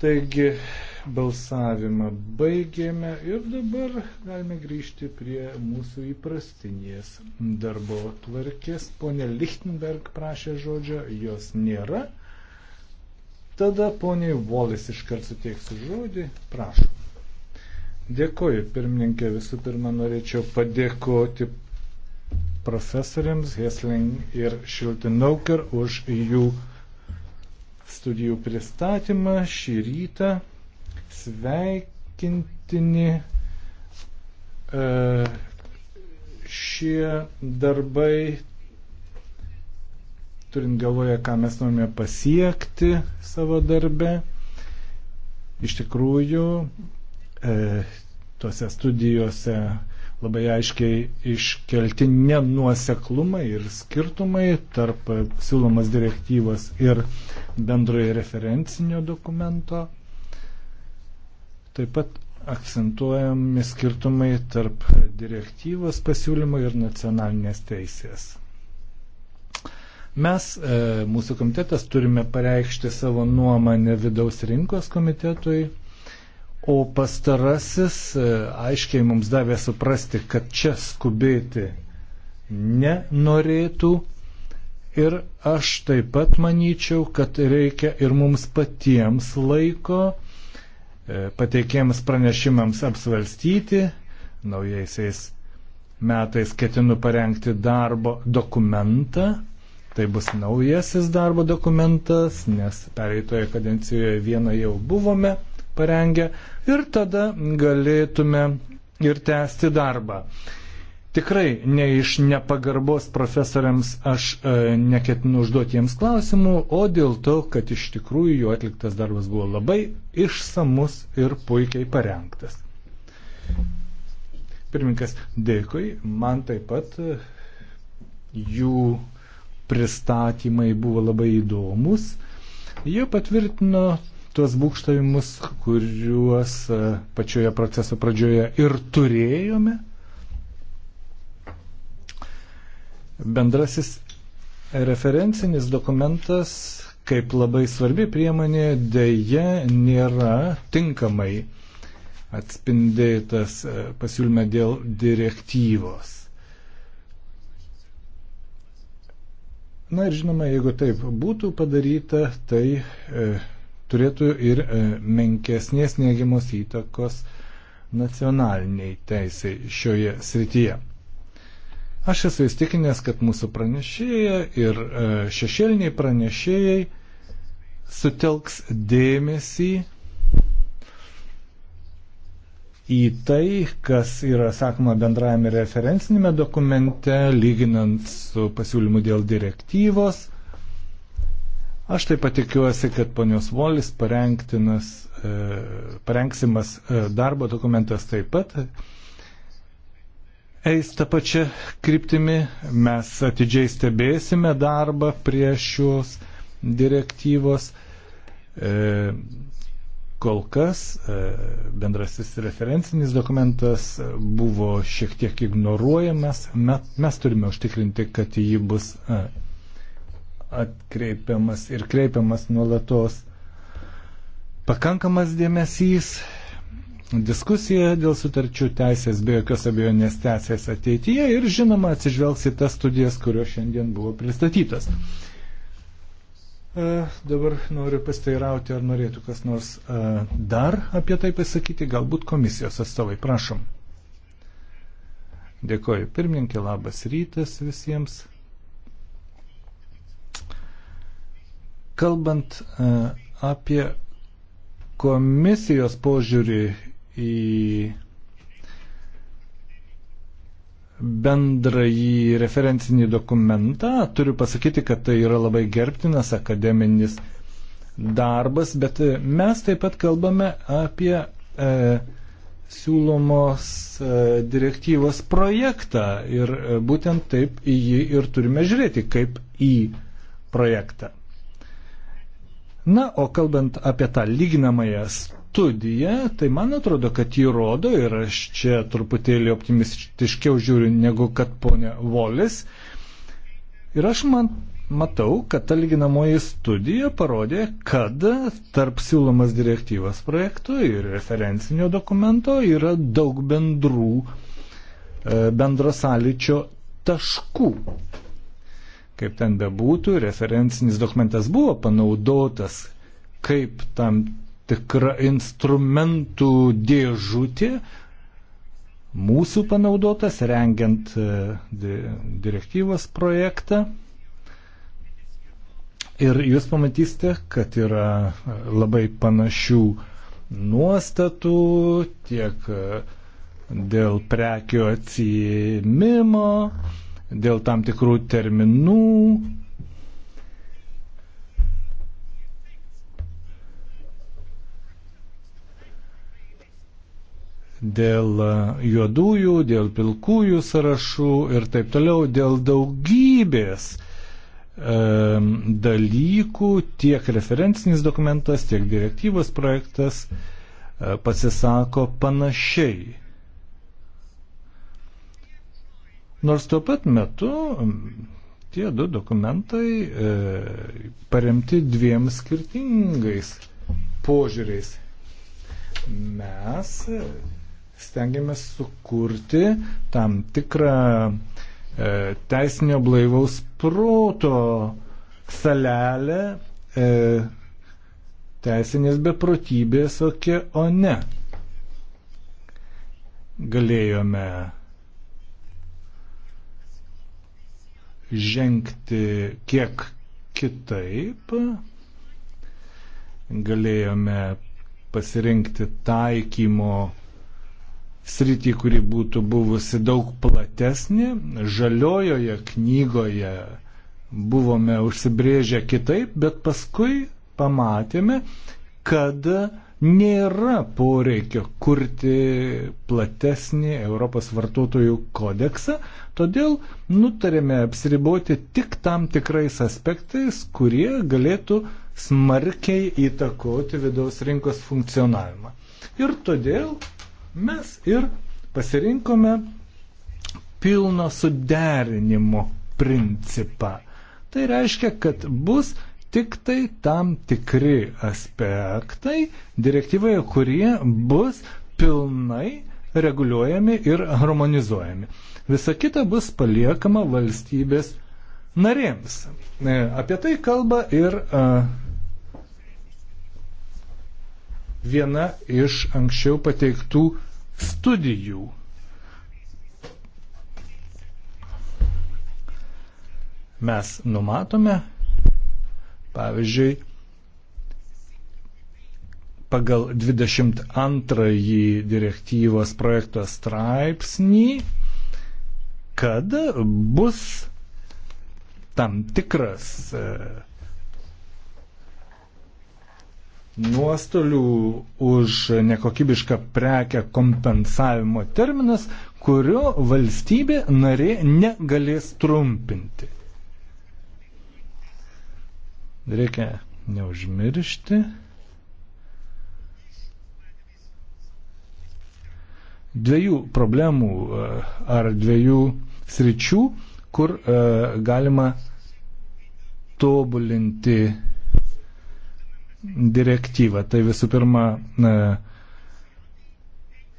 Taigi balsavimą baigėme ir dabar galime grįžti prie mūsų įprastinės darbo tvarkės. Pone Lichtenberg prašė žodžio, jos nėra. Tada poniai Volis iškart suteiksiu žodį, prašom. Dėkoju, pirmininkė, visų pirma norėčiau padėkoti profesoriams Hesling ir Šiltinauker už jų studijų pristatymą šį rytą. Sveikintini e, šie darbai, turint galvoje, ką mes norime pasiekti savo darbe, iš tikrųjų, e, tuose studijuose labai aiškiai iškelti nenuoseklumai ir skirtumai tarp siūlomas direktyvos ir bendroje referencinio dokumento. Taip pat akcentuojami skirtumai tarp direktyvos pasiūlymo ir nacionalinės teisės. Mes, e, mūsų komitetas, turime pareikšti savo nuomonę vidaus rinkos komitetui O pastarasis e, aiškiai mums davė suprasti, kad čia skubėti nenorėtų. Ir aš taip pat manyčiau, kad reikia ir mums patiems laiko e, pateikėms pranešimams apsvalstyti. Naujaisiais metais ketinu parengti darbo dokumentą. Tai bus naujasis darbo dokumentas, nes pereitoje kadencijoje vieną jau buvome parengę ir tada galėtume ir tęsti darbą. Tikrai ne iš nepagarbos profesoriams aš e, neketinu užduoti jiems klausimų, o dėl to, kad iš tikrųjų jų atliktas darbas buvo labai išsamus ir puikiai parengtas. Pirmininkas, dėkui, man taip pat e, jų pristatymai buvo labai įdomus. Jie patvirtino tuos būkštavimus, kuriuos e, pačioje proceso pradžioje ir turėjome. Bendrasis referencinis dokumentas, kaip labai svarbi priemonė, dėje nėra tinkamai atspindėtas e, pasiūlyme dėl direktyvos. Na ir žinoma, jeigu taip būtų padaryta, tai e, turėtų ir e, menkesnės neigiamos įtakos nacionaliniai teisai šioje srityje. Aš esu įstikinęs, kad mūsų pranešėja ir e, šešėliniai pranešėjai sutelks dėmesį į tai, kas yra sakoma bendrajame referencinėme dokumente, lyginant su pasiūlymu dėl direktyvos Aš taip pat tikiuosi, kad ponios Volis e, parengsimas e, darbo dokumentas taip pat eis tą pačią kryptimį. Mes atidžiai stebėsime darbą prie šios direktyvos. E, kol kas bendrasis referencinis dokumentas buvo šiek tiek ignoruojamas. Mes turime užtikrinti, kad jį bus atkreipiamas ir kreipiamas nuolatos pakankamas dėmesys. Diskusija dėl sutarčių teisės be jokios abejonės teisės ateityje ir žinoma atsižvelgs į tas studijas, kurios šiandien buvo pristatytas. E, dabar noriu pasteirauti, ar norėtų kas nors e, dar apie tai pasakyti, galbūt komisijos atstovai, prašom. Dėkoju pirmininkė, labas rytas visiems. Kalbant e, apie komisijos požiūrį į bendrąjį referencinį dokumentą, turiu pasakyti, kad tai yra labai gerbtinas akademinis darbas, bet mes taip pat kalbame apie e, siūlomos e, direktyvos projektą ir e, būtent taip į jį ir turime žiūrėti kaip į projektą. Na, o kalbant apie tą lyginamąją studiją, tai man atrodo, kad jį rodo ir aš čia truputėlį optimistiškiau žiūriu negu kad ponia Volis. Ir aš man matau, kad ta lyginamoji studija parodė, kad tarp siūlomas direktyvas projekto ir referencinio dokumento yra daug bendrų e, bendrosąlyčio taškų. Kaip ten bebūtų, referencinis dokumentas buvo panaudotas kaip tam tikra instrumentų dėžutė, mūsų panaudotas rengiant e, direktyvos projektą. Ir jūs pamatysite, kad yra e, labai panašių nuostatų tiek e, dėl prekių atsijėmimo, dėl tam tikrų terminų. Dėl juodųjų, dėl pilkųjų sąrašų ir taip toliau, dėl daugybės e, dalykų tiek referencinis dokumentas, tiek direktyvos projektas e, pasisako panašiai. Nors tuo pat metu tie du dokumentai e, paremti dviem skirtingais požiūriais. Mes e, stengiamės sukurti tam tikrą e, teisinio blaivaus proto salelę e, teisinės beprotybės, o ne. Galėjome žengti kiek kitaip. Galėjome pasirinkti taikymo sritį, kuri būtų buvusi daug platesnė. Žaliojoje knygoje buvome užsibrėžę kitaip, bet paskui pamatėme, kad nėra poreikio kurti platesnį Europos vartotojų kodeksą, todėl nutarėme apsiriboti tik tam tikrais aspektais, kurie galėtų smarkiai įtakoti vidaus rinkos funkcionavimą. Ir todėl mes ir pasirinkome pilno suderinimo principą. Tai reiškia, kad bus tik tai tam tikri aspektai direktyvoje, kurie bus pilnai reguliuojami ir harmonizuojami. Visa kita bus paliekama valstybės narėms. E, apie tai kalba ir a, e, viena iš anksčiau pateiktų studijų. Mes numatome Pavyzdžiui, pagal 22 direktyvos projekto straipsnį, kad bus tam tikras e, nuostolių už nekokybišką prekę kompensavimo terminas, kurio valstybė narė negalės trumpinti. Reikia neužmiršti. Dviejų problemų e, ar dviejų sričių, kur e, galima tobulinti direktyvą. Tai visų pirma, e,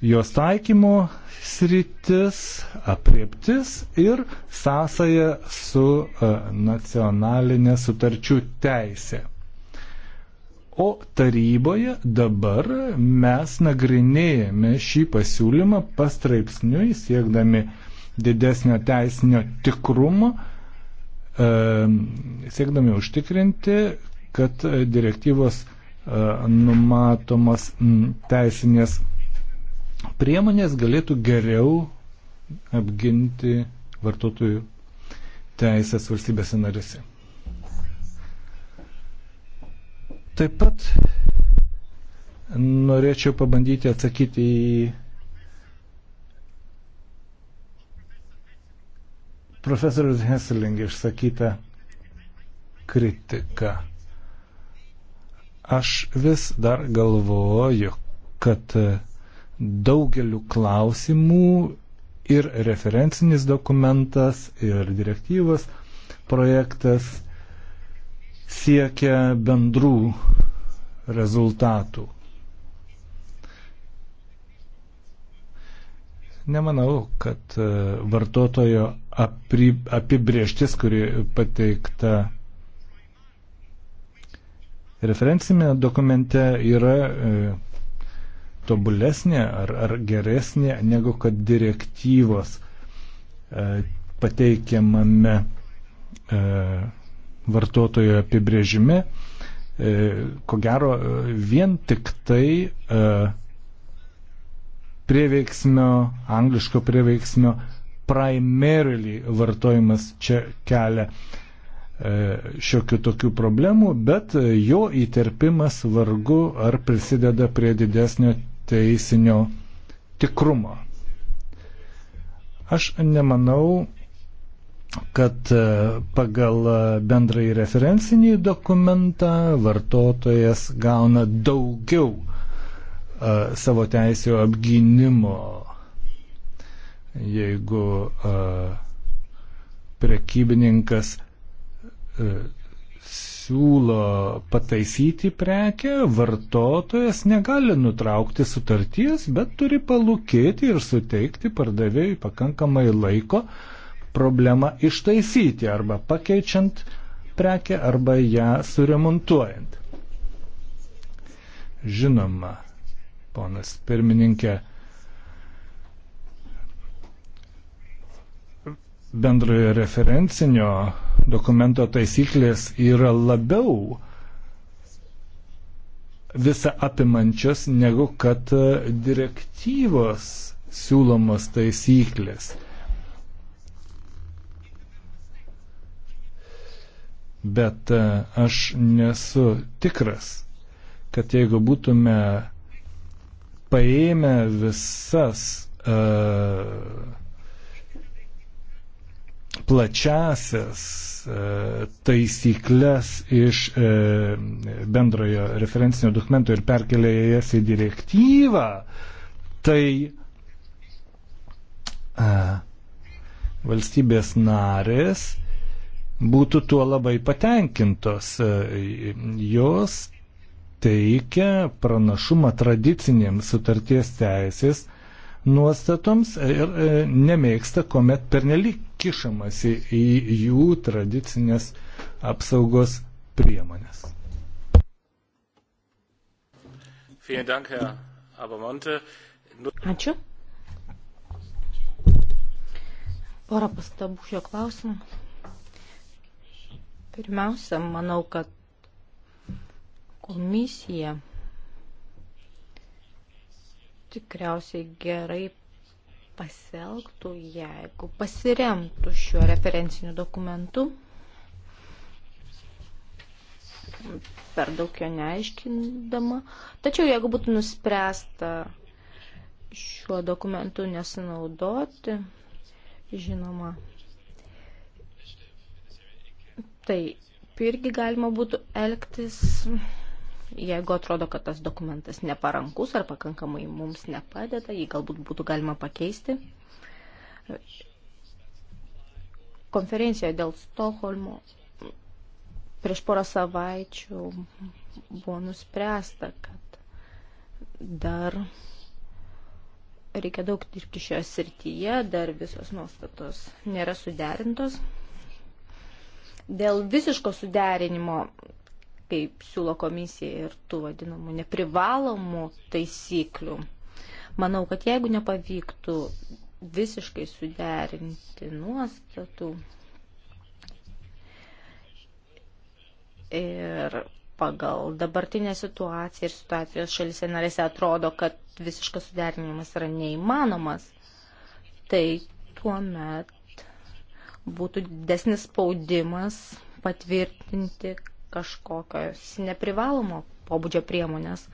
jos taikymo sritis, apriptis ir sąsaja su e, nacionalinė sutarčių teisė. O taryboje dabar mes nagrinėjame šį pasiūlymą pastraipsniui, siekdami didesnio teisinio tikrumo, e, siekdami užtikrinti, kad direktyvos e, numatomas teisinės priemonės galėtų geriau apginti vartotojų teisės valstybėse narėse. Taip pat norėčiau pabandyti atsakyti į profesorius Hesseling išsakytą kritiką. Aš vis dar galvoju, kad uh, daugeliu klausimų ir referencinis dokumentas, ir direktyvos projektas siekia bendrų rezultatų. Nemanau, kad e, vartotojo apibrieštis, kuri pateikta referencinėme dokumente, yra e, tobulesnė ar, ar geresnė negu kad direktyvos e, pateikiamame e, vartotojo apibrėžime. E, ko gero, e, vien tik tai e, prieveiksmio, angliško prieveiksmio primarily vartojimas čia kelia e, šiokių tokių problemų, bet jo įterpimas vargu ar prisideda prie didesnio teisinio tikrumo. Aš nemanau, kad e, pagal e, bendrąjį referencinį dokumentą vartotojas gauna daugiau a, e, savo teisėjo apgynimo, jeigu a, prekybininkas a, siūlo pataisyti prekę, vartotojas negali nutraukti sutarties, bet turi palūkėti ir suteikti pardavėjui pakankamai laiko problemą ištaisyti arba pakeičiant prekę arba ją suremontuojant. Žinoma, ponas pirmininkė, bendrojo referencinio dokumento taisyklės yra labiau visą apimančios negu kad e, direktyvos siūlomos taisyklės. Bet e, aš nesu tikras, kad jeigu būtume paėmę visas uh, plačiasias E, taisyklės iš e, bendrojo referencinio dokumento ir perkelia jas į direktyvą, tai e, valstybės narės būtų tuo labai patenkintos. Jos teikia pranašumą tradicinėms sutarties teisės nuostatoms ir nemėgsta, kuomet pernelyg kišamasi į jų tradicinės apsaugos priemonės. Nu- Ačiū. Porą pastabų šio klausimu. Pirmiausia, manau, kad komisija tikriausiai gerai pasielgtų, jeigu pasiremtų šiuo referenciniu dokumentu. Per daug jo neaiškindama. Tačiau jeigu būtų nuspręsta šiuo dokumentu nesinaudoti, žinoma, tai irgi galima būtų elgtis Jeigu atrodo, kad tas dokumentas neparankus ar pakankamai mums nepadeda, jį galbūt būtų galima pakeisti. Konferencijoje dėl Stoholmo prieš porą savaičių buvo nuspręsta, kad dar reikia daug dirbti šioje srityje, dar visos nuostatos nėra suderintos. Dėl visiško suderinimo kaip siūlo komisija ir tų vadinamų neprivalomų taisyklių. Manau, kad jeigu nepavyktų visiškai suderinti nuostatų ir pagal dabartinę situaciją ir situacijos šalise narėse atrodo, kad visiškas suderinimas yra neįmanomas, tai tuomet būtų desnis spaudimas patvirtinti, kažkokios neprivalomo pobūdžio priemonės.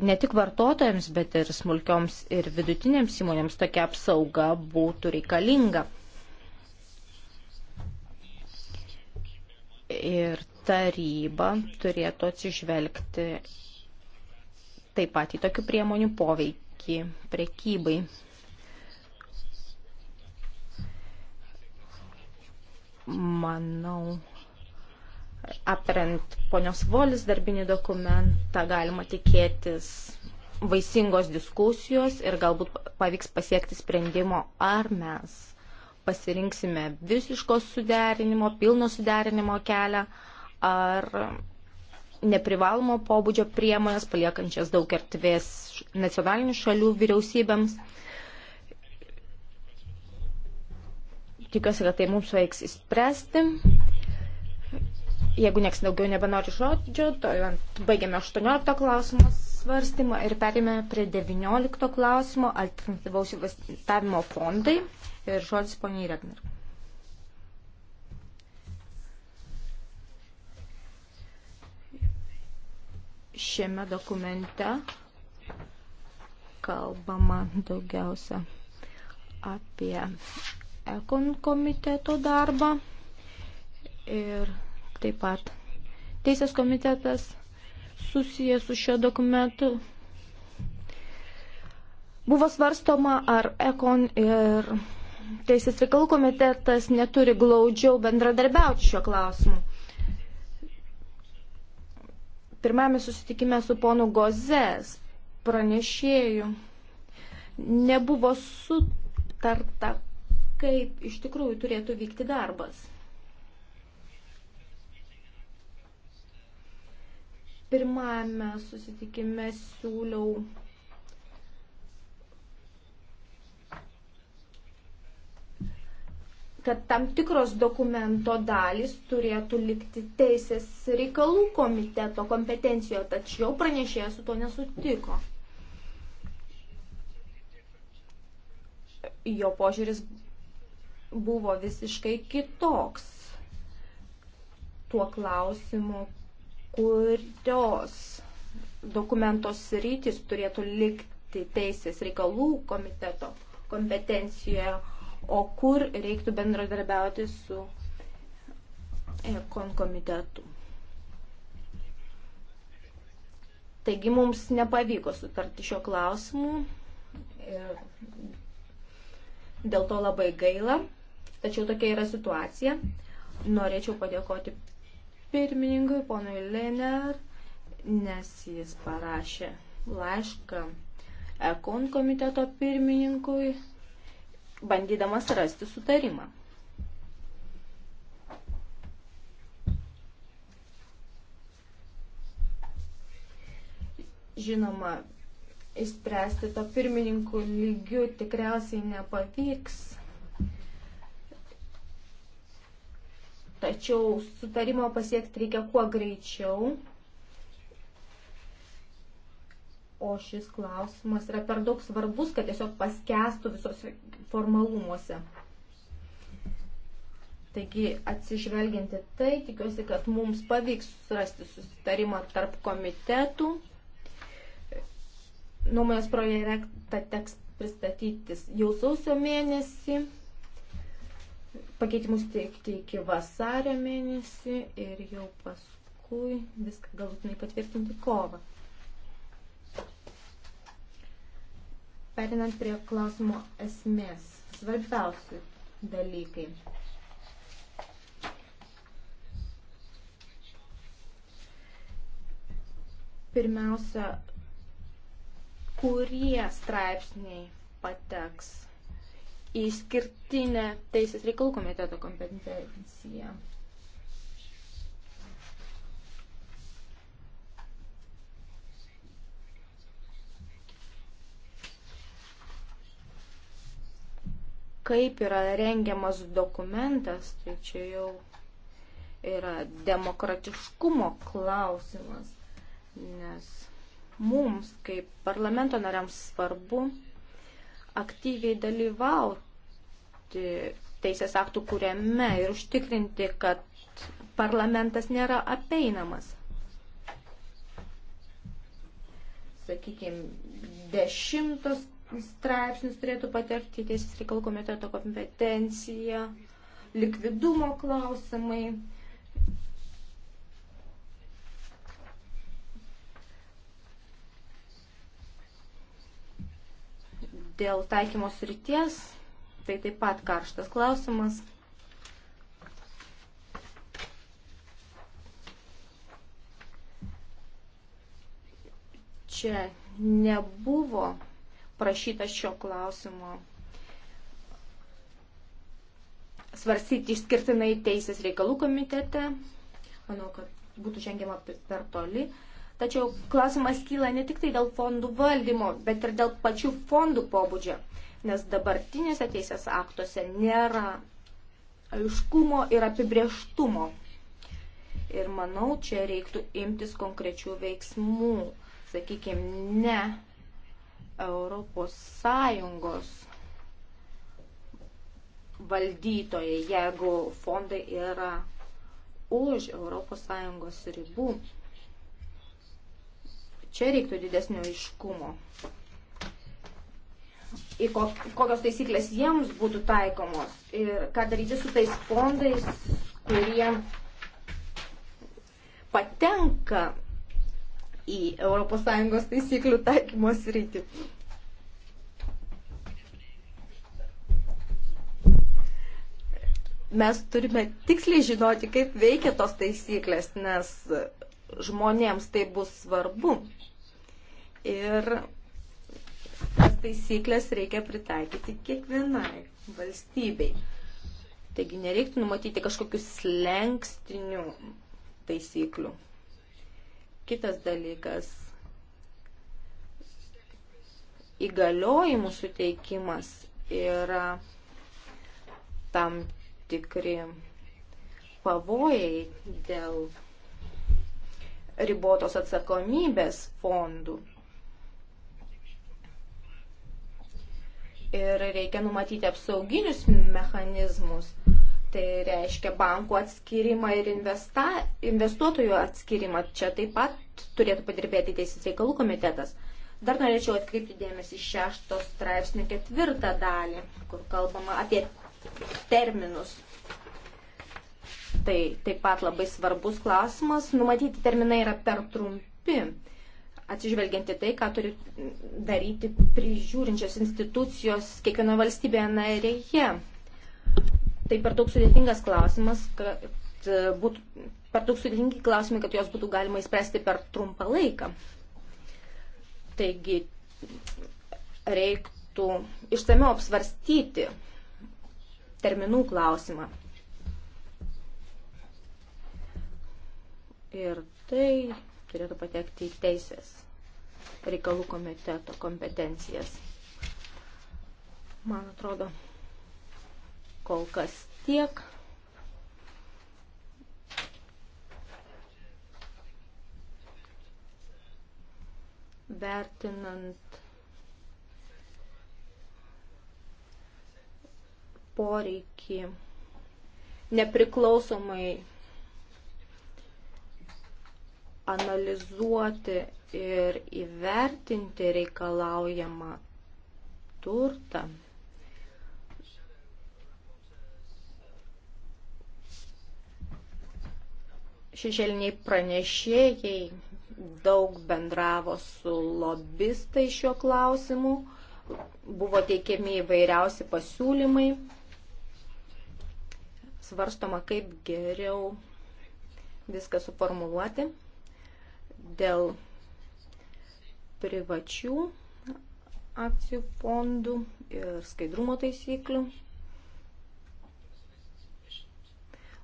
Ne tik vartotojams, bet ir smulkioms ir vidutinėms įmonėms tokia apsauga būtų reikalinga. Ir taryba turėtų atsižvelgti taip pat į tokių priemonių poveikį prekybai. Manau, Aprent ponios Volis darbinį dokumentą galima tikėtis vaisingos diskusijos ir galbūt pavyks pasiekti sprendimo, ar mes pasirinksime visiško suderinimo, pilno suderinimo kelią, ar neprivalomo pobūdžio priemonės, paliekančias daug erdvės nacionalinių šalių vyriausybėms. Tikiuosi, kad tai mums veiks įspręsti. Jeigu nieks daugiau nebenori žodžio, to tai baigiame 18 klausimą svarstymą ir perėmėme prie 19 klausimo alternatyvaus investavimo fondai ir žodis poniai Regner. Šiame dokumente kalbama daugiausia apie ekon komiteto darbą ir taip pat. Teisės komitetas susijęs su šio dokumentu. Buvo svarstoma, ar Ekon ir Teisės reikalų komitetas neturi glaudžiau bendradarbiauti šiuo klausimu. Pirmame susitikime su ponu Gozės pranešėjų nebuvo sutarta, kaip iš tikrųjų turėtų vykti darbas. Pirmame susitikime siūliau kad tam tikros dokumento dalys turėtų likti teisės reikalų komiteto kompetencijoje, tačiau pranešėjas su to nesutiko. Jo požiūris buvo visiškai kitoks tuo klausimu, kurios dokumentos rytis turėtų likti teisės reikalų komiteto kompetencijoje, o kur reiktų bendradarbiauti su ekon komitetu. Taigi mums nepavyko sutarti šio klausimu ir dėl to labai gaila, tačiau tokia yra situacija. Norėčiau padėkoti pirmininkui, ponui Lener, nes jis parašė laišką Ekon komiteto pirmininkui, bandydamas rasti sutarimą. Žinoma, išspręsti to pirmininkų lygių tikriausiai nepavyks, Tačiau sutarimo pasiekti reikia kuo greičiau. O šis klausimas yra per daug svarbus, kad tiesiog paskestų visose formalumuose. Taigi, atsižvelginti tai, tikiuosi, kad mums pavyks surasti susitarimą tarp komitetų. Nuomonės projektą teks pristatytis jau sausio mėnesį pakeitimus teikti iki vasario mėnesį ir jau paskui viską galutinai patvirtinti kovą. Perinant prie klausimo esmės, svarbiausi dalykai. Pirmiausia, kurie straipsniai pateks išskirtinė Teisės reikalų komiteto kompetencija. Kaip yra rengiamas dokumentas, tai čia jau yra demokratiškumo klausimas, nes mums kaip parlamento nariams svarbu aktyviai dalyvauti teisės aktų kūrėme ir užtikrinti, kad parlamentas nėra apeinamas. Sakykime, dešimtos straipsnis turėtų patekti teisės reikalų komiteto kompetencija, likvidumo klausimai Dėl taikymos ryties, tai taip pat karštas klausimas. Čia nebuvo prašyta šio klausimo svarstyti išskirtinai Teisės reikalų komitete. Manau, kad būtų žengiama per toli. Tačiau klausimas kyla ne tik tai dėl fondų valdymo, bet ir dėl pačių fondų pobūdžio, nes dabartinėse teisės aktuose nėra aiškumo ir apibrieštumo. Ir manau, čia reiktų imtis konkrečių veiksmų, sakykime, ne Europos Sąjungos valdytojai, jeigu fondai yra už Europos Sąjungos ribų. Čia reiktų didesnio iškumo. Į kokios taisyklės jiems būtų taikomos ir ką daryti su tais fondais, kurie patenka į ES taisyklių taikymo sritį. Mes turime tiksliai žinoti, kaip veikia tos taisyklės, nes žmonėms tai bus svarbu. Ir tas taisyklės reikia pritaikyti kiekvienai valstybei. Taigi nereiktų numatyti kažkokius slengstinių taisyklių. Kitas dalykas - įgaliojimų suteikimas yra tam tikri pavojai dėl ribotos atsakomybės fondų. Ir reikia numatyti apsauginius mechanizmus. Tai reiškia bankų atskirimą ir investa, investuotojų atskirimą. Čia taip pat turėtų padirbėti Teisės reikalų komitetas. Dar norėčiau atkreipti dėmesį šešto straipsnį ketvirtą dalį, kur kalbama apie terminus Tai taip pat labai svarbus klausimas. Numatyti terminai yra per trumpi, atsižvelgianti tai, ką turi daryti prižiūrinčios institucijos kiekvienoje valstybėje narėje. Tai per daug sudėtingas klausimas, kad e, būtų per daug sudėtingi klausimai, kad juos būtų galima įspręsti per trumpą laiką. Taigi reiktų išsameu apsvarstyti terminų klausimą. ir tai turėtų patekti į teisės reikalų komiteto kompetencijas. Man atrodo, kol kas tiek. Vertinant poreikį nepriklausomai analizuoti ir įvertinti reikalaujamą turtą. Šešėliniai pranešėjai daug bendravo su lobistai šiuo klausimu, buvo teikiami įvairiausi pasiūlymai, svarstoma, kaip geriau viską suformuluoti dėl privačių akcijų fondų ir skaidrumo taisyklių.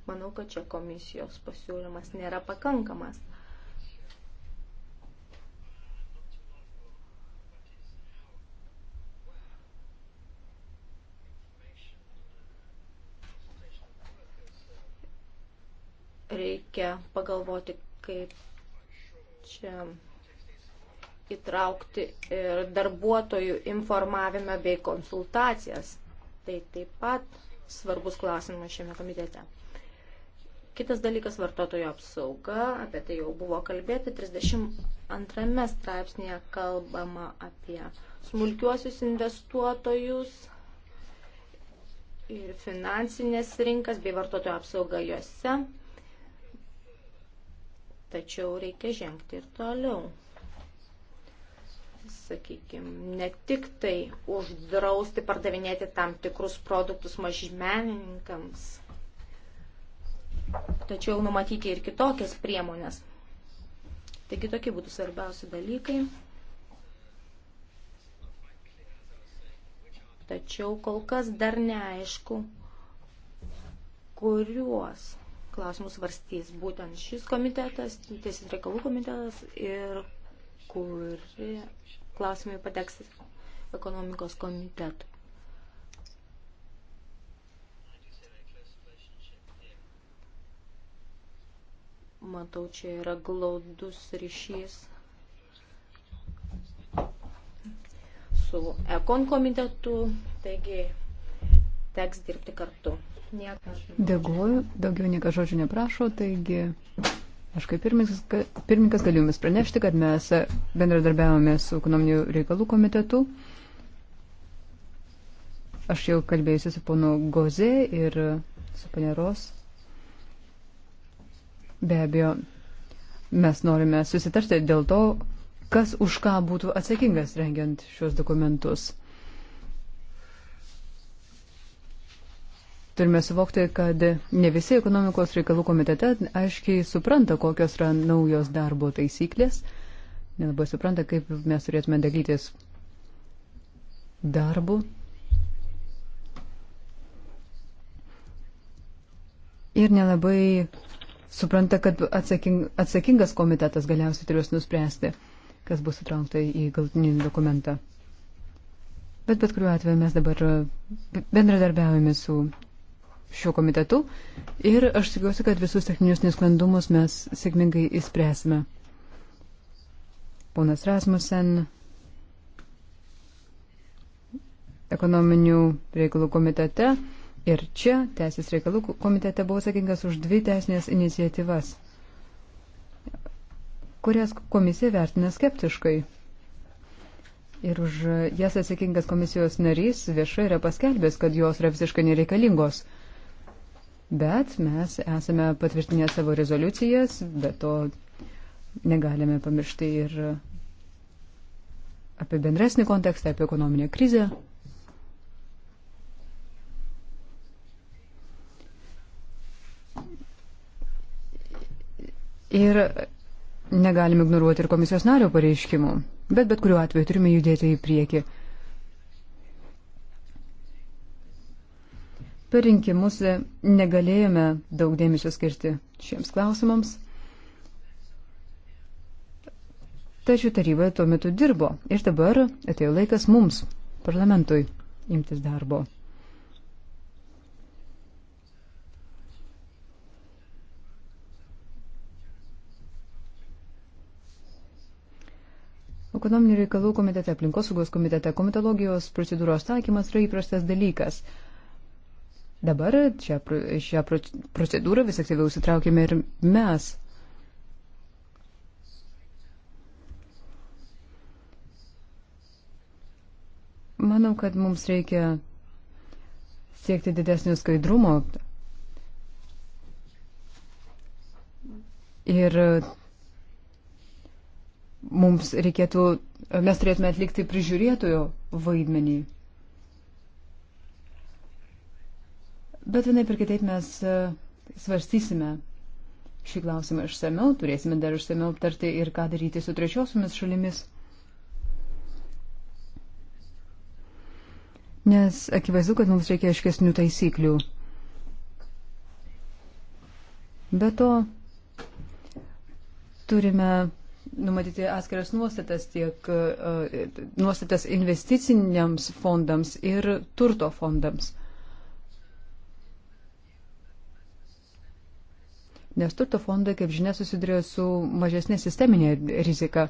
Manau, kad čia komisijos pasiūlymas nėra pakankamas. Reikia pagalvoti, kaip čia įtraukti ir darbuotojų informavimą bei konsultacijas. Tai taip pat svarbus klausimas šiame komitete. Kitas dalykas - vartotojo apsauga. Apie tai jau buvo kalbėta. 32 straipsnėje kalbama apie smulkiuosius investuotojus ir finansinės rinkas bei vartotojo apsaugą juose. Tačiau reikia žengti ir toliau. Sakykime, ne tik tai uždrausti pardavinėti tam tikrus produktus mažmenininkams, tačiau numatyti ir kitokias priemonės. Taigi tokie būtų svarbiausi dalykai. Tačiau kol kas dar neaišku, kuriuos klausimus varstys būtent šis komitetas, Teisės reikalų komitetas ir kuri klausimai pateks ekonomikos komitetų. Matau, čia yra glaudus ryšys su ekon komitetu, taigi teks dirbti kartu. Dėkuoju, daugiau niekas žodžių neprašo, taigi aš kaip pirmininkas, pirmininkas galiu Jums pranešti, kad mes bendradarbiavome su ekonominių reikalų komitetu. Aš jau kalbėjusi su ponu Goze ir su paneros. Be abejo, mes norime susitarti dėl to, kas už ką būtų atsakingas rengiant šios dokumentus. Turime suvokti, kad ne visi ekonomikos reikalų komitete aiškiai supranta, kokios yra naujos darbo taisyklės, nelabai supranta, kaip mes turėtume dalytis darbu. Ir nelabai supranta, kad atsaking, atsakingas komitetas galiausiai turės nuspręsti, kas bus įtraukta į galtinį dokumentą. Bet bet kuriuo atveju mes dabar bendradarbiavame su šiuo komitetu ir aš tikiuosi, kad visus techninius nesklandumus mes sėkmingai įspręsime. Ponas Rasmussen, ekonominių reikalų komitete ir čia, Teisės reikalų komitete, buvo sakingas už dvi teisinės iniciatyvas, kurias komisija vertina skeptiškai. Ir už jas atsakingas komisijos narys viešai yra paskelbęs, kad jos yra visiškai nereikalingos bet mes esame patvirtinę savo rezoliucijas, bet to negalime pamiršti ir apie bendresnį kontekstą, apie ekonominę krizę. Ir negalim ignoruoti ir komisijos nario pareiškimų, bet bet kuriuo atveju turime judėti į priekį. Per rinkimus negalėjome daug dėmesio skirti šiems klausimams. Tačiau taryba tuo metu dirbo ir dabar atėjo laikas mums, parlamentui, imtis darbo. Ekonominių reikalų komitete, aplinkosaugos komitete, komitologijos procedūros taikymas yra įprastas dalykas. Dabar čia, šią procedūrą vis aktyviau sitraukime ir mes. Manau, kad mums reikia siekti didesnio skaidrumo ir mums reikėtų, mes turėtume atlikti prižiūrėtojo vaidmenį. Bet vienaip ir kitaip mes e, svarstysime šį klausimą išsameu, turėsime dar išsameu aptarti ir ką daryti su trečiosiomis šalimis. Nes akivaizdu, kad mums reikia aiškesnių taisyklių. Be to, turime numatyti atskiras nuostatas tiek e, e, nuostatas investiciniams fondams ir turto fondams. nes turto fondai, kaip žinia, susiduria su mažesnė sisteminė rizika.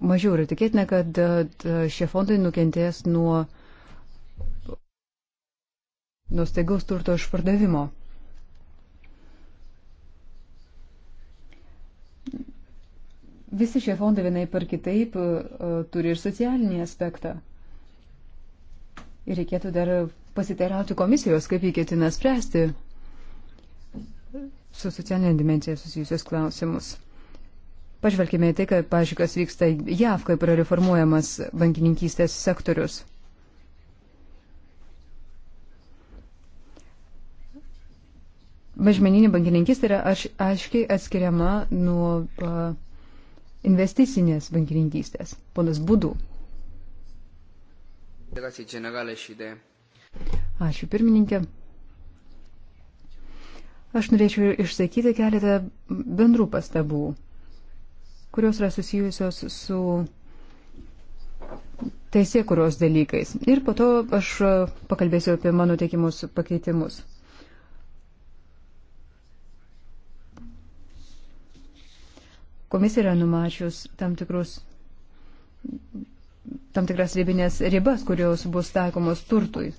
Mažiau yra tikėtina, kad e, šie fondai nukentės nuo, nuo staigaus turto išpardavimo. Visi šie fondai vienai per kitaip e, turi ir socialinį aspektą. Ir reikėtų dar pasiteirauti komisijos, kaip jį ketina spręsti su socialinė dimencija susijusios klausimus. Pažvelkime į tai, kaip, pažiūrėk, kas vyksta JAV, kaip yra reformuojamas bankininkystės sektorius. Mažmeninė bankininkystė yra aš, aiškiai atskiriama nuo uh, investicinės bankininkystės. Ponas Budų. Delegacijai generalė šį idėją. Ačiū pirmininkė. Aš norėčiau išsakyti keletą bendrų pastabų, kurios yra susijusios su teisėkuros dalykais. Ir po to aš pakalbėsiu apie mano teikimus pakeitimus. Komisija yra numačius tam, tikrus, tam tikras ribinės ribas, kurios bus taikomos turtui.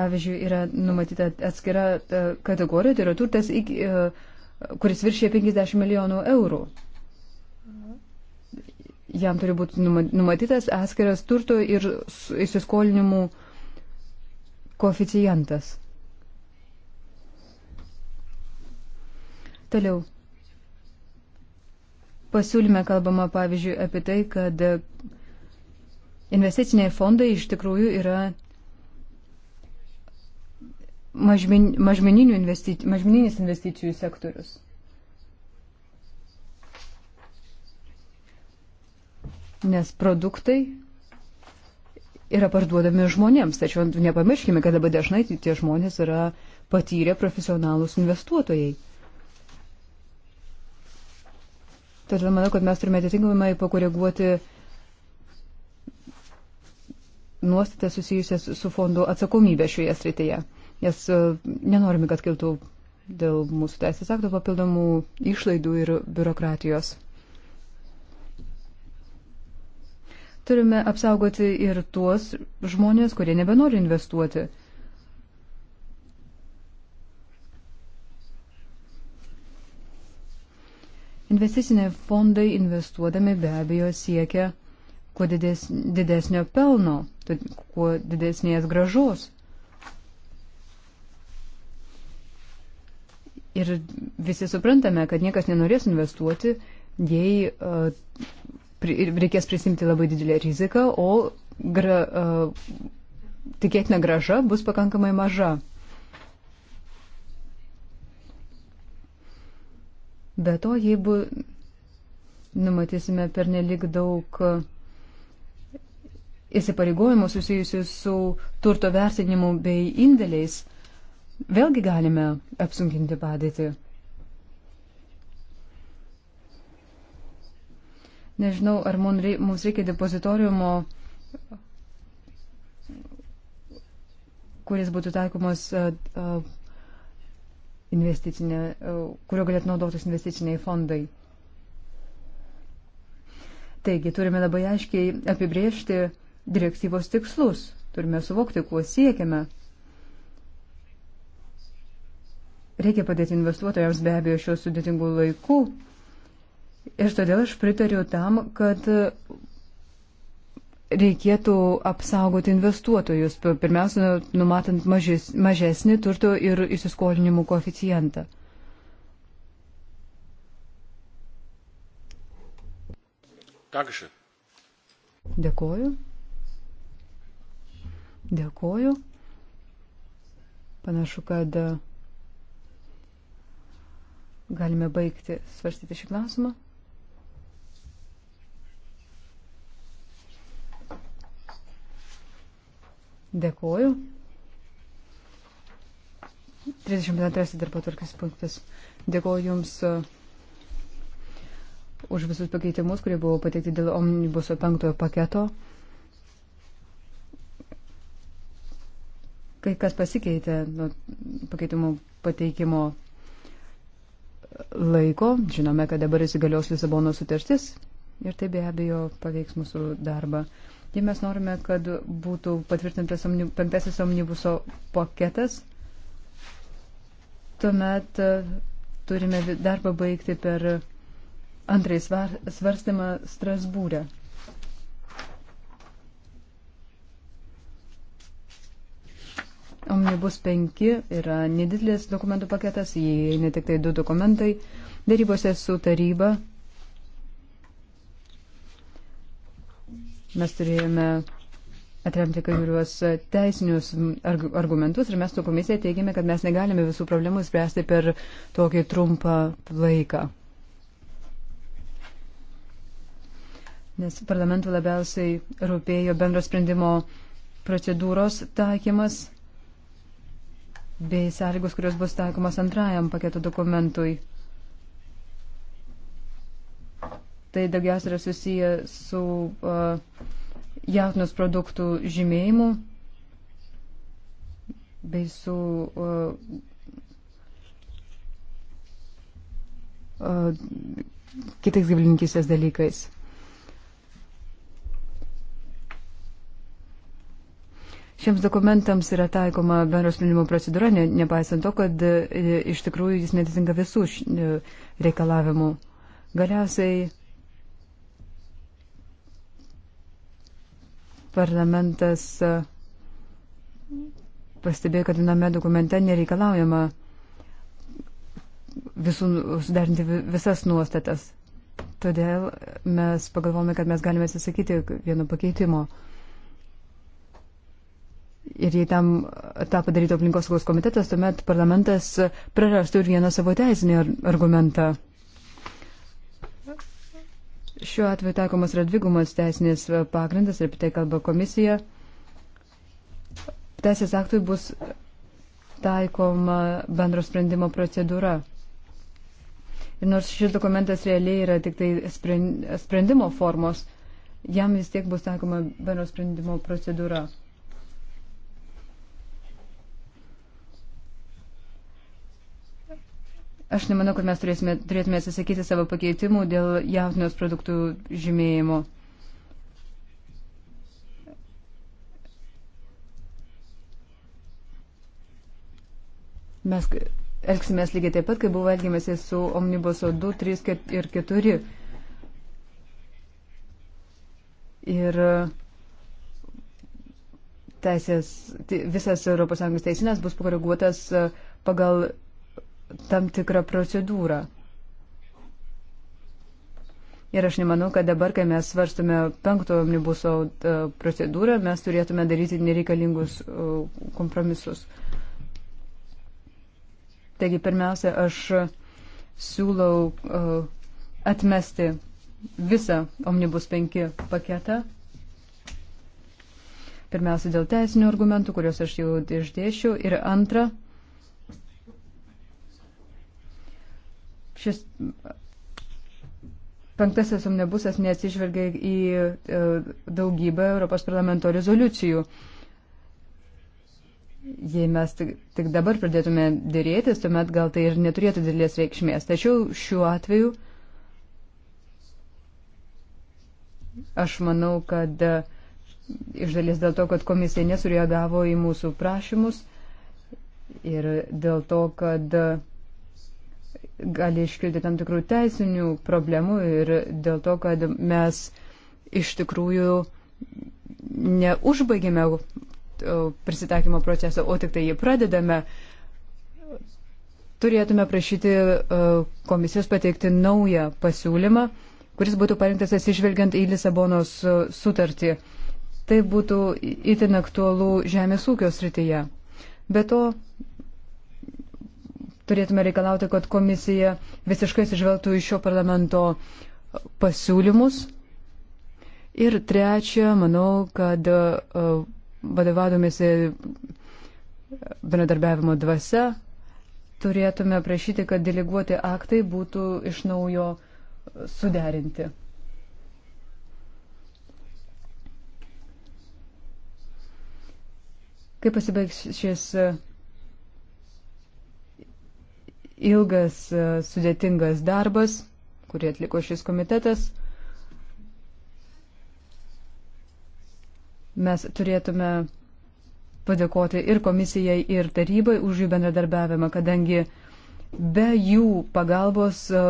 pavyzdžiui, yra numatyta atskira e, kategorija, tai yra turtas, iki, e, kuris viršė 50 milijonų eurų. Jam turi būti numatytas atskiras turto ir įsiskolinimų koeficientas. Toliau. Pasiūlyme kalbama, pavyzdžiui, apie tai, kad investiciniai fondai iš tikrųjų yra mažmen, investici, mažmeninis investicijų sektorius. Nes produktai yra parduodami žmonėms, tačiau nepamirškime, kad labai dažnai tai tie žmonės yra patyrę profesionalus investuotojai. Todėl manau, kad mes turime atitinkamai pakoreguoti nuostatą susijusias su fondo atsakomybė šioje srityje nes e, nenorime, kad kiltų dėl mūsų teisės akto papildomų išlaidų ir biurokratijos. Turime apsaugoti ir tuos žmonės, kurie nebenori investuoti. Investiciniai fondai investuodami be abejo siekia kuo didesnio pelno, kuo didesnės gražos. Ir visi suprantame, kad niekas nenorės investuoti, jei uh, reikės prisimti labai didelę riziką, o gra, uh, tikėtina graža bus pakankamai maža. Be to, jeigu numatysime pernelik daug įsipareigojimų susijusių su turto vertinimu bei indėliais, vėlgi galime apsunkinti padėtį. Nežinau, ar mums reikia depozitoriumo, kuris būtų taikomas investicinė, kurio galėtų naudotis investiciniai fondai. Taigi, turime labai aiškiai apibriežti direktyvos tikslus, turime suvokti, kuo siekiame. Reikia padėti investuotojams be abejo šiuo sudėtingu laiku. Ir todėl aš pritariu tam, kad reikėtų apsaugoti investuotojus, pirmiausia, numatant mažis, mažesnį turto ir įsiskolinimų koeficientą. Dankeschön. Dėkoju. Dėkoju. Panašu, kad Galime baigti svarstyti šį klausimą. Dėkuoju. 32 darbo tvarkės punktas. Dėkuoju Jums uh, už visus pakeitimus, kurie buvo pateikti dėl omnibuso penktojo paketo. Kai kas pasikeitė nuo pakeitimų pateikimo laiko. Žinome, kad dabar įsigalios Lisabono sutartis ir tai be abejo paveiks mūsų darbą. Tai mes norime, kad būtų patvirtintas omni, penktasis omnibuso paketas. Tuomet e, turime darbą baigti per antrąjį svar, svarstymą Strasbūrę. Omnibus 5 yra nedidelis dokumentų paketas, jie ne tik tai du dokumentai. Darybose su taryba mes turėjome atremti kai kuriuos teisinius argumentus ir mes su komisija teigėme, kad mes negalime visų problemų spręsti per tokį trumpą laiką. Nes parlamentų labiausiai rūpėjo bendro sprendimo procedūros taikymas bei sąlygos, kurios bus taikomas antrajam paketo dokumentui. Tai daugiausia yra susiję su uh, jautinos produktų žymėjimu bei su uh, uh, kitais gyvulininkysės dalykais. Šiems dokumentams yra taikoma bendros sprendimo procedūra, ne, nepaisant to, kad e, iš tikrųjų jis netitinka visų e, reikalavimų. Galiausiai parlamentas e, pastebėjo, kad viename dokumente nereikalaujama visų, sudarinti visas nuostatas. Todėl mes pagalvome, kad mes galime atsisakyti vieno pakeitimo. Ir jei tam tą padarytų aplinkosaugos komitetas, tuomet parlamentas prarastų ir vieną savo teisinį argumentą. Šiuo atveju taikomas yra dvigumas teisinės pagrindas, ir apie tai kalba komisija. Teisės aktui bus taikoma bendro sprendimo procedūra. Ir nors šis dokumentas realiai yra tik tai sprendimo formos, jam vis tiek bus taikoma bendro sprendimo procedūra. Aš nemanau, kad mes turėsime, turėtume atsisakyti savo pakeitimų dėl jautinos produktų žymėjimo. Mes elgsimės lygiai taip pat, kaip buvo elgiamasi su Omnibuso 2, 3 ir 4. Ir teisės, visas ES teisinas bus pakoreguotas pagal tam tikrą procedūrą. Ir aš nemanau, kad dabar, kai mes svarstume penktojo omnibuso e, procedūrą, mes turėtume daryti nereikalingus e, kompromisus. Taigi, pirmiausia, aš siūlau e, atmesti visą omnibus 5 paketą. Pirmiausia, dėl teisinių argumentų, kuriuos aš jau išdėšiu. Ir antra, Šis penktasis omnibusas neatsižvelgia į e, daugybę Europos parlamento rezoliucijų. Jei mes tik, tik dabar pradėtume dėrėtis, tuomet gal tai ir neturėtų didelės reikšmės. Tačiau šiuo atveju aš manau, kad e, iš dalies dėl to, kad komisija nesureagavo į mūsų prašymus ir dėl to, kad gali iškilti tam tikrų teisinių problemų ir dėl to, kad mes iš tikrųjų neužbaigėme prisitaikymo procesą, o tik tai jį pradedame, turėtume prašyti komisijos pateikti naują pasiūlymą, kuris būtų parinktas atsižvelgiant į Lisabonos sutartį. Tai būtų itin aktualu žemės ūkio srityje. Be to, turėtume reikalauti, kad komisija visiškai sižvelgtų iš šio parlamento pasiūlymus. Ir trečia, manau, kad e, vadovaudomėsi bendradarbiavimo dvasia, turėtume prašyti, kad deleguoti aktai būtų iš naujo suderinti. Kaip pasibaigs šis ilgas, e, sudėtingas darbas, kurį atliko šis komitetas. Mes turėtume padėkoti ir komisijai, ir tarybai už jų bendradarbiavimą, kadangi be jų pagalbos e,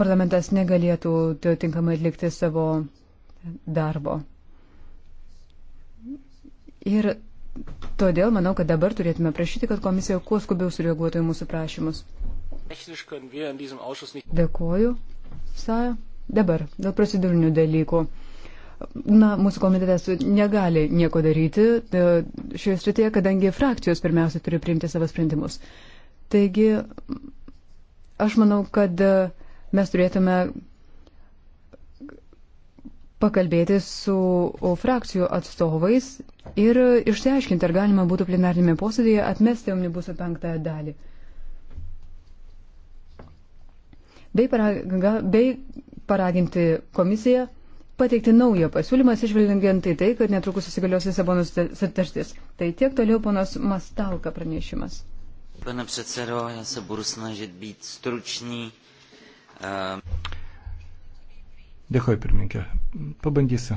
parlamentas negalėtų tinkamai atlikti savo darbo. Ir Todėl manau, kad dabar turėtume prašyti, kad komisija kuo skubiau sureaguotų į mūsų prašymus. Dėkuoju, Saja. Dabar dėl procedūrinių dalykų. Na, mūsų komitetas negali nieko daryti e, šioje srityje, kadangi frakcijos pirmiausia turi priimti savo sprendimus. Taigi, aš manau, kad e, mes turėtume pakalbėti su frakcijų atstovais ir išsiaiškinti, ar galima būtų plenarinėme posėdėje atmesti omnibusų penktąją dalį. Bei, paraga, bei paraginti komisiją pateikti naują pasiūlymą, išvelgiant į tai, kad netrukus įsigalios Lisabonos sutartis. Tai tiek toliau ponas Mastalka pranešimas. Pane předsedo, já se budu snažit být stručný. Uh... Dėkoju, pirmininkė. Pabandysiu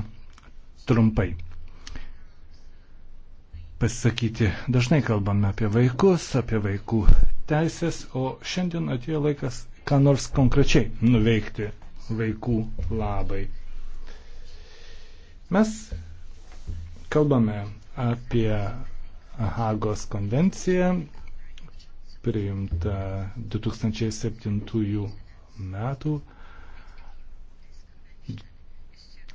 trumpai pasisakyti. Dažnai kalbame apie vaikus, apie vaikų teisės, o šiandien atėjo laikas ką nors konkrečiai nuveikti vaikų labai. Mes kalbame apie Hagos konvenciją, priimta 2007 metų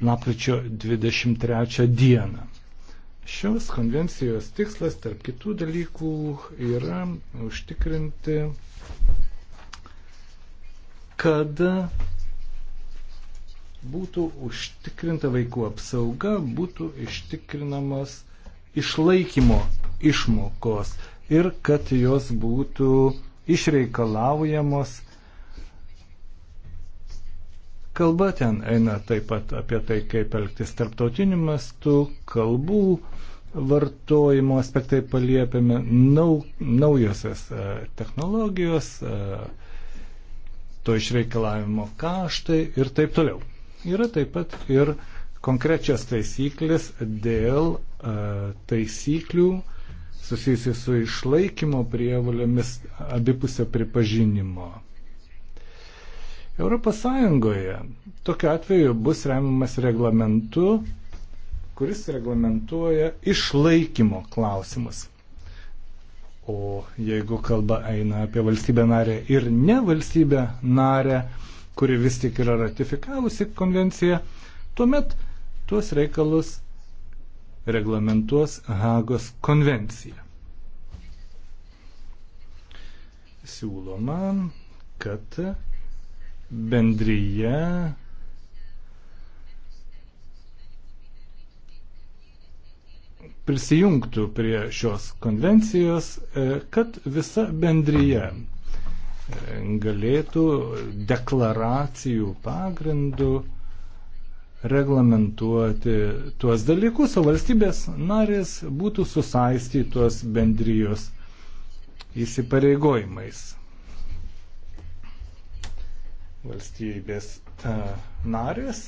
lapkričio 23 dieną. Šios konvencijos tikslas, tarp kitų dalykų, yra užtikrinti, kad būtų užtikrinta vaikų apsauga, būtų ištikrinamas išlaikymo išmokos ir kad jos būtų išreikalaujamos kalba, ten eina taip pat apie tai, kaip elgtis tarptautiniu mastu, kalbų vartojimo aspektai paliepiami, nau, naujosios e, technologijos, e, to išreikalavimo kaštai ir taip toliau. Yra taip pat ir konkrečios taisyklės dėl e, taisyklių susijusi su išlaikymo prievalėmis abipusio pripažinimo. Europos Sąjungoje tokiu atveju bus remiamas reglamentu, kuris reglamentuoja išlaikymo klausimus. O jeigu kalba eina apie valstybę narę ir ne valstybę narę, kuri vis tik yra ratifikavusi konvenciją, tuomet tuos reikalus reglamentuos Hagos konvencija. Siūloma, kad bendryje prisijungtų prie šios konvencijos, e, kad visa bendryje e, galėtų deklaracijų pagrindų reglamentuoti tuos dalykus, o valstybės narės būtų susaistytos bendrijos įsipareigojimais valstybės e, narės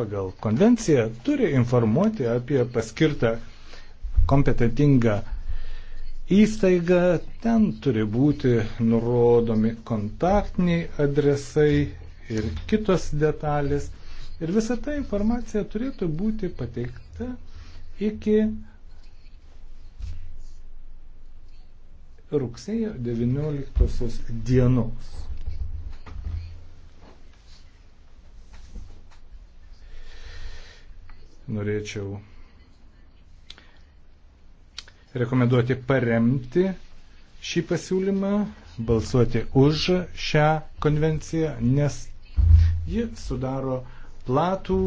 pagal konvenciją turi informuoti apie paskirtą kompetitingą įstaigą. Ten turi būti nurodomi kontaktiniai adresai ir kitos detalės. Ir visa ta informacija turėtų būti pateikta iki rugsėjo 19 dienos. norėčiau rekomenduoti paremti šį pasiūlymą, balsuoti už šią konvenciją, nes ji sudaro platų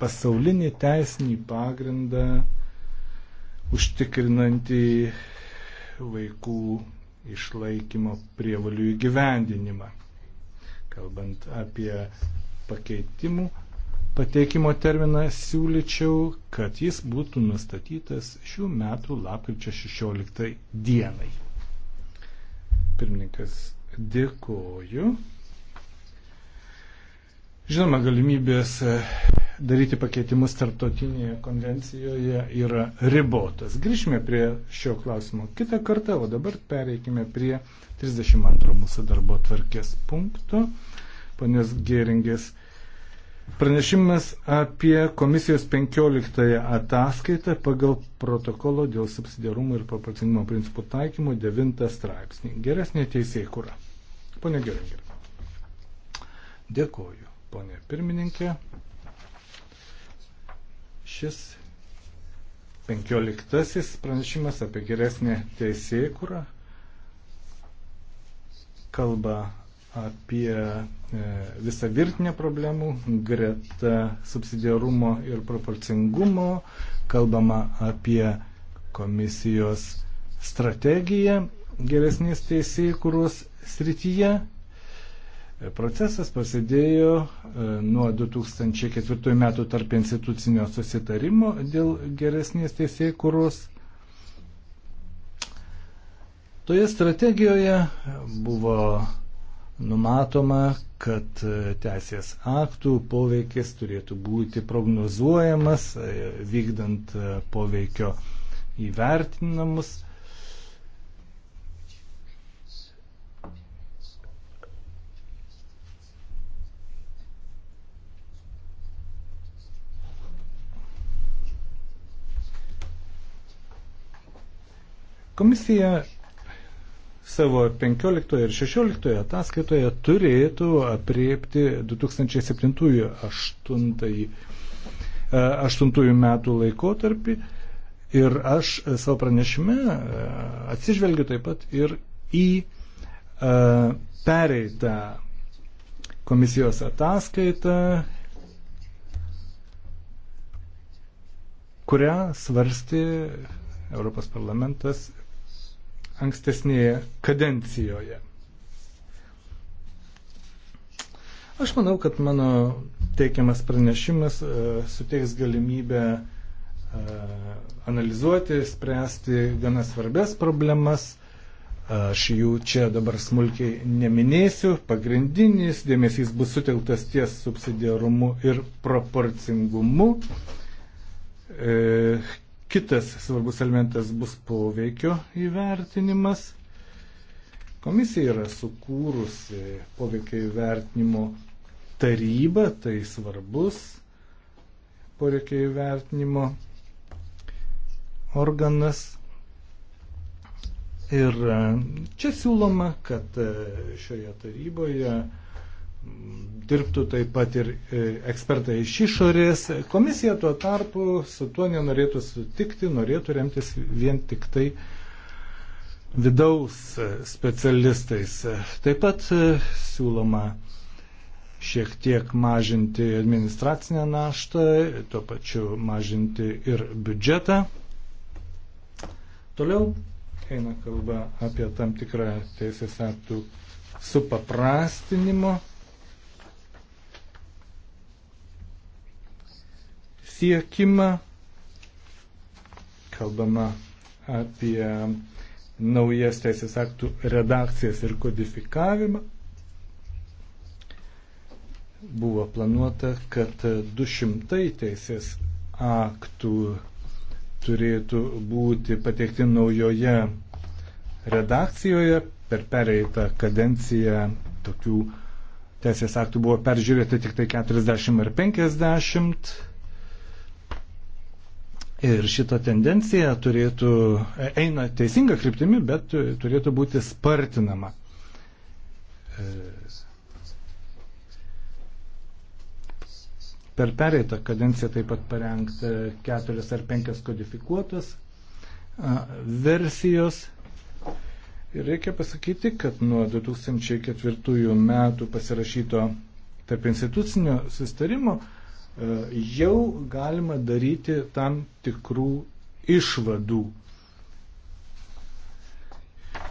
pasaulinį teisinį pagrindą užtikrinantį vaikų išlaikymo prievalių įgyvendinimą. Kalbant apie pakeitimų pateikimo terminą siūlyčiau, kad jis būtų nustatytas šių metų lapkričio 16 dienai. Pirmininkas, dėkoju. Žinoma, galimybės e, daryti pakeitimus tarptautinėje konvencijoje yra ribotas. Grįžime prie šio klausimo kitą kartą, o dabar pereikime prie 32 mūsų darbo tvarkės punkto. Ponios Geringės Pranešimas apie komisijos 15 ataskaitą pagal protokolo dėl subsidiarumo ir proporcingumo principų taikymo 9 straipsnį. Geresnė teisėjai kūra. Pone Geringer. Dėkoju, ponė pirmininkė. Šis 15 pranešimas apie geresnę teisėjai kūrą kalba apie e, visą virtinę problemų, greta subsidiarumo ir proporcingumo, kalbama apie komisijos strategiją geresnės teisėkūros srityje. E, procesas prasidėjo e, nuo 2004 metų tarp institucinio susitarimo dėl geresnės teisėkūros Toje strategijoje buvo numatoma, kad e, teisės aktų poveikis turėtų būti prognozuojamas, e, vykdant e, poveikio įvertinamus. Komisija savo 15 ir 16 ataskaitoje turėtų apriepti 2007-2008 e, metų laikotarpį. Ir aš e, savo pranešime e, atsižvelgiu taip pat ir į pereitą komisijos ataskaitą, kurią svarsti Europos parlamentas ankstesnėje kadencijoje. Aš manau, kad mano teikiamas pranešimas e, suteiks galimybę e, analizuoti, spręsti gana svarbės problemas. E, aš jų čia dabar smulkiai neminėsiu. Pagrindinis dėmesys bus sutelktas ties subsidiarumu ir proporcingumu. Kitas svarbus elementas bus poveikio įvertinimas. Komisija yra sukūrusi poveikio įvertinimo tarybą, tai svarbus poveikio įvertinimo organas. Ir e, čia siūloma, kad e, šioje taryboje dirbtų taip pat ir e, ekspertai iš išorės. Komisija tuo tarpu su tuo nenorėtų sutikti, norėtų remtis vien tik tai vidaus e, specialistais. Taip pat e, siūloma šiek tiek mažinti administracinę naštą, tuo pačiu mažinti ir biudžetą. Toliau eina kalba apie tam tikrą teisės aktų supaprastinimo siekimą. Kalbama apie naujas teisės aktų redakcijas ir kodifikavimą. Buvo planuota, kad 200 teisės aktų turėtų būti pateikti naujoje redakcijoje. Per pereitą kadenciją tokių teisės aktų buvo peržiūrėta tik tai 40 ar 50. Ir šita tendencija turėtų, e, eina teisinga kryptimi, bet turėtų būti spartinama. E, per pereitą kadenciją taip pat parengta keturias ar penkias kodifikuotas versijos. Ir reikia pasakyti, kad nuo 2004 metų pasirašyto tarp institucinio sustarimo E, jau galima daryti tam tikrų išvadų.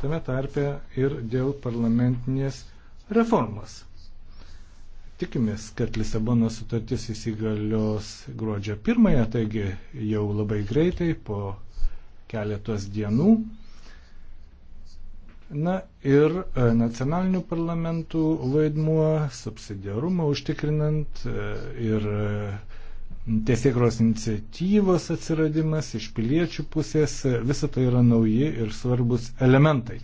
Tame tarpe ir dėl parlamentinės reformos. Tikimės, kad Lisabono sutartis įsigalios gruodžio pirmąją, taigi jau labai greitai po keletos dienų. Na ir e, nacionalinių parlamentų vaidmuo subsidiarumą užtikrinant e, ir e, tiesiekros iniciatyvos atsiradimas iš piliečių pusės, visa tai yra nauji ir svarbus elementai.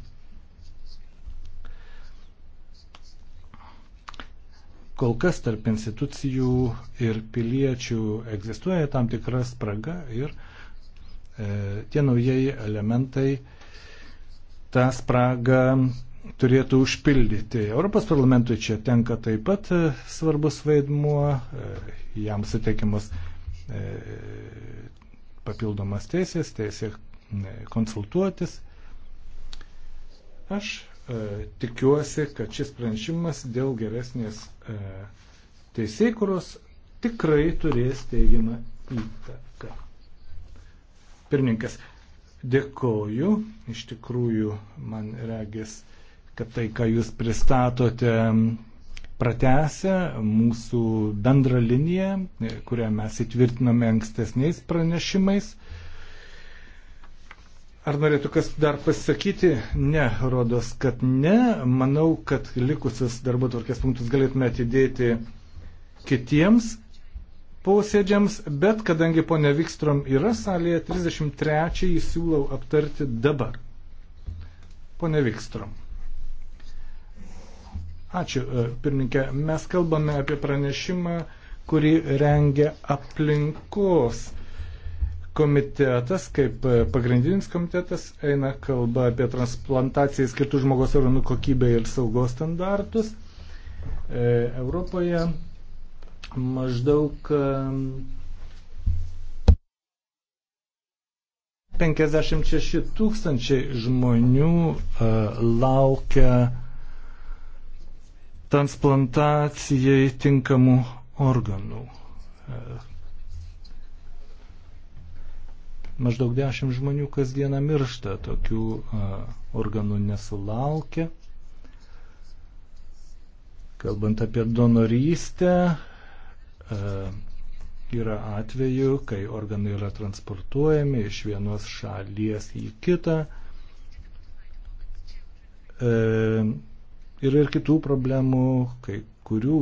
Kol kas tarp institucijų ir piliečių egzistuoja tam tikra spraga ir e, tie naujieji elementai e, tą spragą turėtų užpildyti. Europos parlamentui čia tenka taip pat e, svarbus vaidmuo, e, jam suteikiamas e, papildomas teisės, teisė konsultuotis. Aš tikiuosi, kad šis pranešimas dėl geresnės teisėkuros tikrai turės teigiamą įtaką. Pirmininkas, Dėkoju, iš tikrųjų man regis, kad tai, ką jūs pristatote, pratęsia mūsų bendrą liniją, kurią mes įtvirtiname ankstesniais pranešimais. Ar norėtų kas dar pasisakyti? Ne, rodos, kad ne. Manau, kad likusius darbo tvarkės punktus galėtume atidėti kitiems posėdžiams, bet kadangi ponia Vikstrom yra salėje, 33 siūlau aptarti dabar. Pone Vikstrom. Ačiū, e, pirmininkė. Mes kalbame apie pranešimą, kurį rengia aplinkos komitetas, kaip e, pagrindinis komitetas, eina kalba apie transplantaciją skirtų žmogaus organų kokybę ir saugos standartus. E, Europoje maždaug 56 tūkstančiai žmonių e, laukia transplantacijai tinkamų organų. E, maždaug 10 žmonių kasdieną miršta, tokių e, organų nesulaukia. Kalbant apie donorystę, E, yra atveju, kai organai yra transportuojami iš vienos šalies į kitą. E, yra ir kitų problemų, kai kurių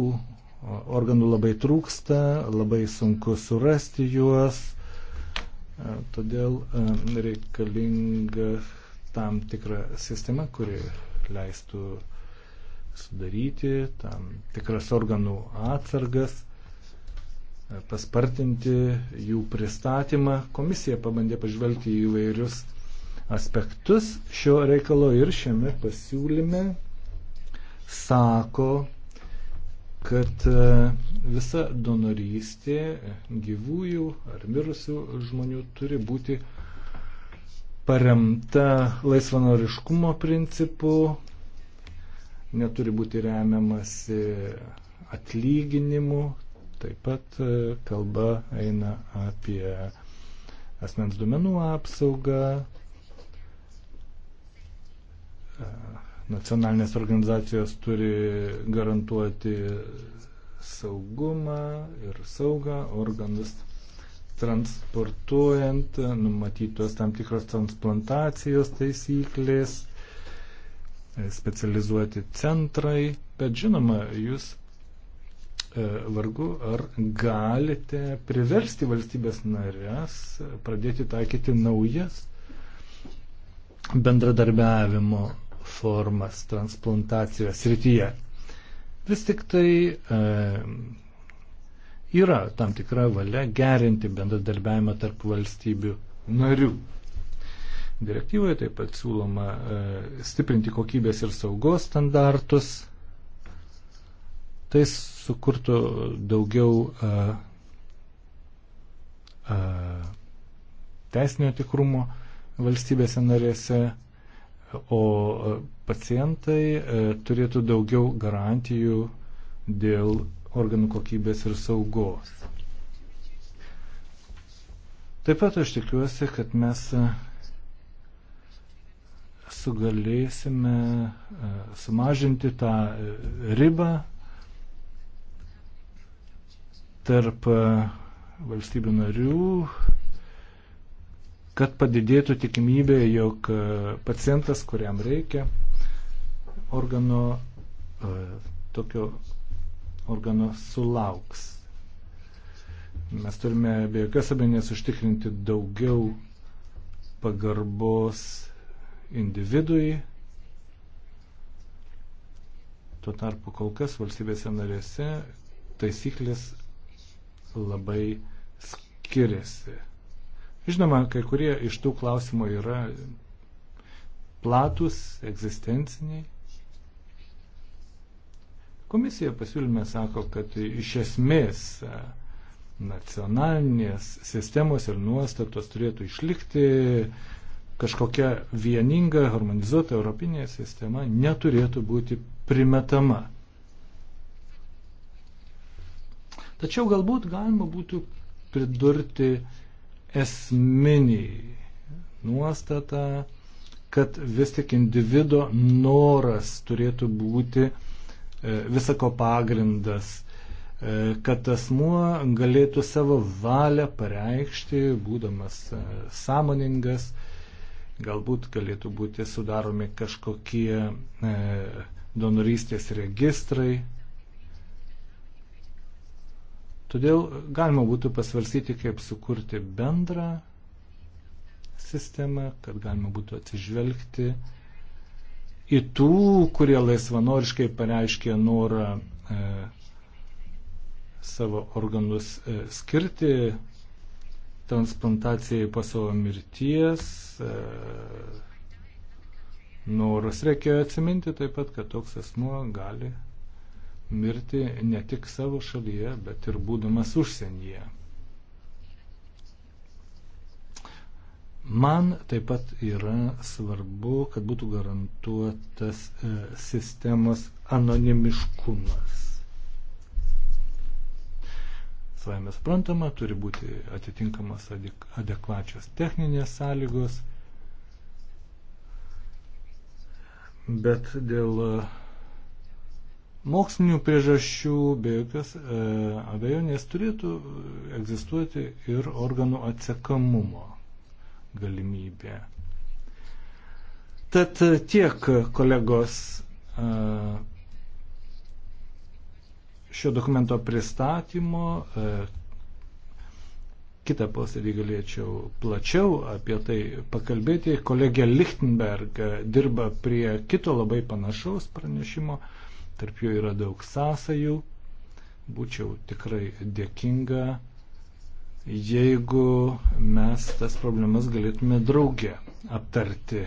organų labai trūksta, labai sunku surasti juos. E, todėl reikalinga tam tikra sistema, kuri leistų sudaryti tam tikras organų atsargas paspartinti jų pristatymą. Komisija pabandė pažvelgti į vairius aspektus šio reikalo ir šiame pasiūlyme sako, kad e, visa donorystė gyvųjų ar mirusių žmonių turi būti paremta laisvanoriškumo principu, neturi būti remiamasi atlyginimu, Taip pat e, kalba eina apie asmens duomenų apsaugą, e, nacionalinės organizacijos turi garantuoti saugumą ir saugą organus transportuojant, numatytos tam tikros transplantacijos taisyklės, e, specializuoti centrai, bet žinoma, jūs E, vargu ar galite priversti valstybės narės pradėti taikyti naujas bendradarbiavimo formas transplantacijos rytyje. Vis tik tai e, yra tam tikra valia gerinti bendradarbiavimą tarp valstybių narių. Direktyvoje taip pat siūloma e, stiprinti kokybės ir saugos standartus, Tai sukurtų daugiau a, a, teisinio tikrumo valstybėse narėse, o pacientai a, turėtų daugiau garantijų dėl organų kokybės ir saugos. Taip pat aš tikiuosi, kad mes sugalėsime sumažinti tą ribą tarp e, valstybių narių, kad padidėtų tikimybė, jog e, pacientas, kuriam reikia organo, e, tokio organo sulauks. Mes turime be jokios abejonės užtikrinti daugiau pagarbos individui. Tuo tarpu kol kas valstybėse narėse taisyklės labai skiriasi. Žinoma, kai kurie iš tų klausimų yra platus, egzistenciniai. Komisija pasiūlyme sako, kad iš esmės e, nacionalinės sistemos ir nuostatos turėtų išlikti, kažkokia vieninga, harmonizuota europinė sistema neturėtų būti primetama. Tačiau galbūt galima būtų pridurti esminį nuostatą, kad vis tik individo noras turėtų būti e, visako pagrindas, e, kad asmuo galėtų savo valią pareikšti, būdamas e, sąmoningas, galbūt galėtų būti sudaromi kažkokie donorystės registrai, Todėl galima būtų pasvarsyti, kaip sukurti bendrą sistemą, kad galima būtų atsižvelgti į tų, kurie laisvanoriškai pareiškė norą e, savo organus e, skirti transplantacijai po savo mirties. E, norus reikėjo atsiminti taip pat, kad toks asmuo gali mirti ne tik savo šalyje, bet ir būdamas užsienyje. Man taip pat yra svarbu, kad būtų garantuotas e, sistemos anonimiškumas. Savame suprantama, turi būti atitinkamas adekvačios techninės sąlygos, bet dėl e, Mokslinių priežasčių be jokios e, abejonės turėtų egzistuoti ir organų atsekamumo galimybė. Tad tiek kolegos e, šio dokumento pristatymo. E, kitą posėdį galėčiau plačiau apie tai pakalbėti. Kolegė Lichtenberg dirba prie kito labai panašaus pranešimo tarp jų yra daug sąsajų. Būčiau tikrai dėkinga, jeigu mes tas problemas galėtume draugė aptarti.